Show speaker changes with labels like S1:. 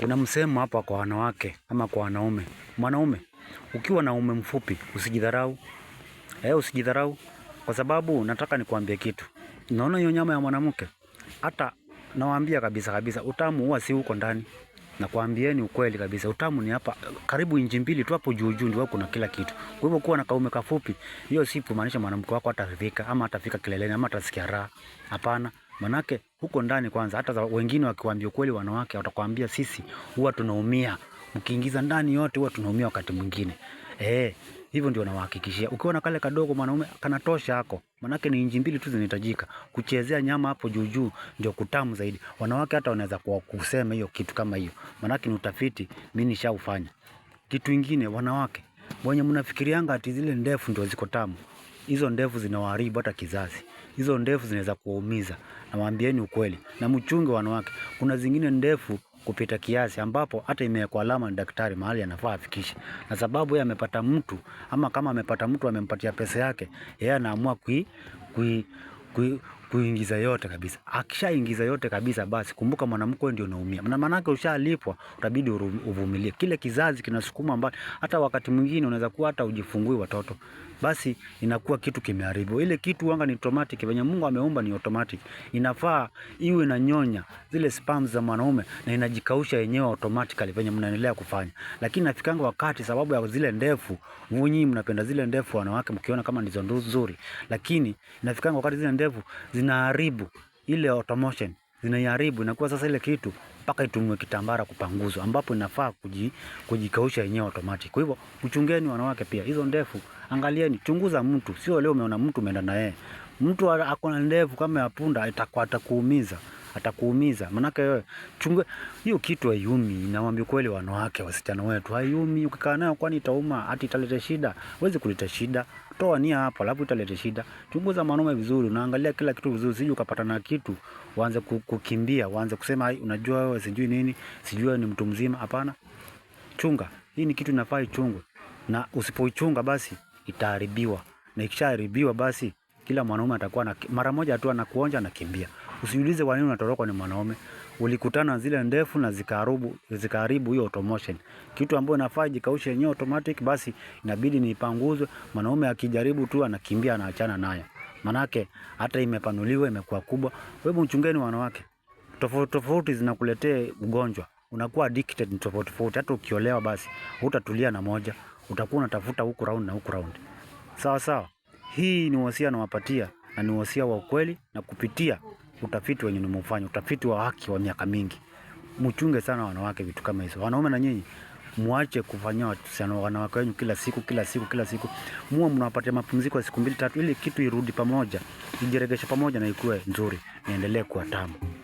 S1: Kuna msemo hapa kwa wanawake ama kwa wanaume. Mwanaume, ukiwa na ume mfupi, usijidharau. Eh, usijidharau kwa sababu nataka nikuambie kitu. Naona hiyo nyama ya mwanamke. Hata nawaambia kabisa kabisa utamu huwa si huko ndani. Nakwambieni ukweli kabisa, utamu ni hapa karibu inji mbili tu hapo juu juu, ndio kuna kila kitu. Kwa hivyo kuwa na kaume kafupi, hiyo si kumaanisha mwanamke wako atafika ama atafika kileleni ama atasikia raha. Hapana. Manake huko ndani kwanza, hata wengine wakiwaambia ukweli, wanawake watakwambia sisi huwa tunaumia, mkiingiza ndani yote huwa tunaumia wakati mwingine eh. Hivyo ndio nawahakikishia, ukiwa na kale kadogo mwanaume kanatosha hako, manake ni inji mbili tu zinahitajika. Kuchezea nyama hapo juu juu ndio kutamu zaidi. Wanawake hata wanaweza kwa kusema hiyo kitu kama hiyo, manake ni utafiti mimi nishaufanya. Kitu kingine, wanawake wenye mnafikirianga ati zile ndefu ndio ziko tamu hizo ndevu zinawaharibu hata kizazi, hizo ndevu zinaweza kuwaumiza, na waambieni ukweli, na mchunge wanawake. Kuna zingine ndefu kupita kiasi ambapo hata imewekwa alama na daktari mahali anafaa afikishe, na sababu yeye amepata mtu ama kama amepata mtu amempatia pesa yake, yeye anaamua kui, kui, kui kuingiza yote kabisa. Akishaingiza yote kabisa, basi kumbuka mwanamke ndio unaumia, na maanake ushalipwa, utabidi uvumilie. Kile kizazi kinasukuma mbali, hata wakati mwingine unaweza kuwa hata ujifungui watoto, basi inakuwa kitu kimeharibu ile kitu. Wanga ni automatic, venye Mungu ameumba ni automatic, inafaa iwe na nyonya zile sperms za mwanaume na inajikausha yenyewe automatically venye mnaendelea kufanya. Lakini nafikanga wakati sababu ya zile ndefu, nyinyi mnapenda zile ndefu wanawake, mkiona kama ndizo nzuri, lakini nafikanga wakati zile ndefu zin zinaharibu ile automotion, zinaiharibu inakuwa sasa ile kitu mpaka itumwe kitambara kupanguzwa, ambapo inafaa kuji, kujikausha yenyewe automatic. Kwa hivyo uchungeni wanawake pia hizo ndefu, angalieni, chunguza mtu, sio leo umeona mtu umeenda na yeye. Mtu akona ndevu kama ya punda itakuwa atakuumiza atakuumiza. Manake wewe eh, chunga hiyo kitu haiumi, nawaambia kweli wanawake, wasichana wetu haiumi. Ukikaa nayo kwani itauma, hata italeta shida? Huwezi kuleta shida. Toa nia hapa, alafu italeta shida. Chunguza mwanaume vizuri, unaangalia kila kitu vizuri, sije ukapata na kitu uanze kukimbia, uanze kusema unajua wewe sijui nini, sijui wewe ni mtu mzima. Hapana, chunga hii ni kitu inafaa ichungwe, na usipoichunga basi itaharibiwa, na ikishaharibiwa basi kila mwanaume atakuwa na mara moja tu anakuonja, kimbia. Usiulize kwa nini unatorokwa ni mwanaume. Ulikutana zile ndefu na zikaharibu zikaharibu hiyo automation. Kitu ambacho inafaa jikaushe yenyewe automatic, basi inabidi nipanguzwe. Mwanaume akijaribu tu anakimbia anaachana nayo. Manake hata imepanuliwa imekuwa kubwa. Wewe mchungeni wanawake. Tofauti tofauti zinakuletea ugonjwa. Unakuwa addicted ni tofauti tofauti. Hata ukiolewa basi utatulia na moja. Utakuwa unatafuta huku round na huku round. Sawa sawa. Hii ni wasia nawapatia na ni wasia wa ukweli na kupitia utafiti wenye nimeufanya, utafiti wa haki wa miaka mingi. Mchunge sana wanawake vitu kama hizo. Wanaume na nyinyi muache kufanyia watusiana wanawake wenyu kila siku kila siku kila siku, muwe mnawapatia mapumziko ya siku mbili tatu, ili kitu irudi pamoja, ijiregeshe pamoja na ikuwe nzuri, niendelee kuwa tamu.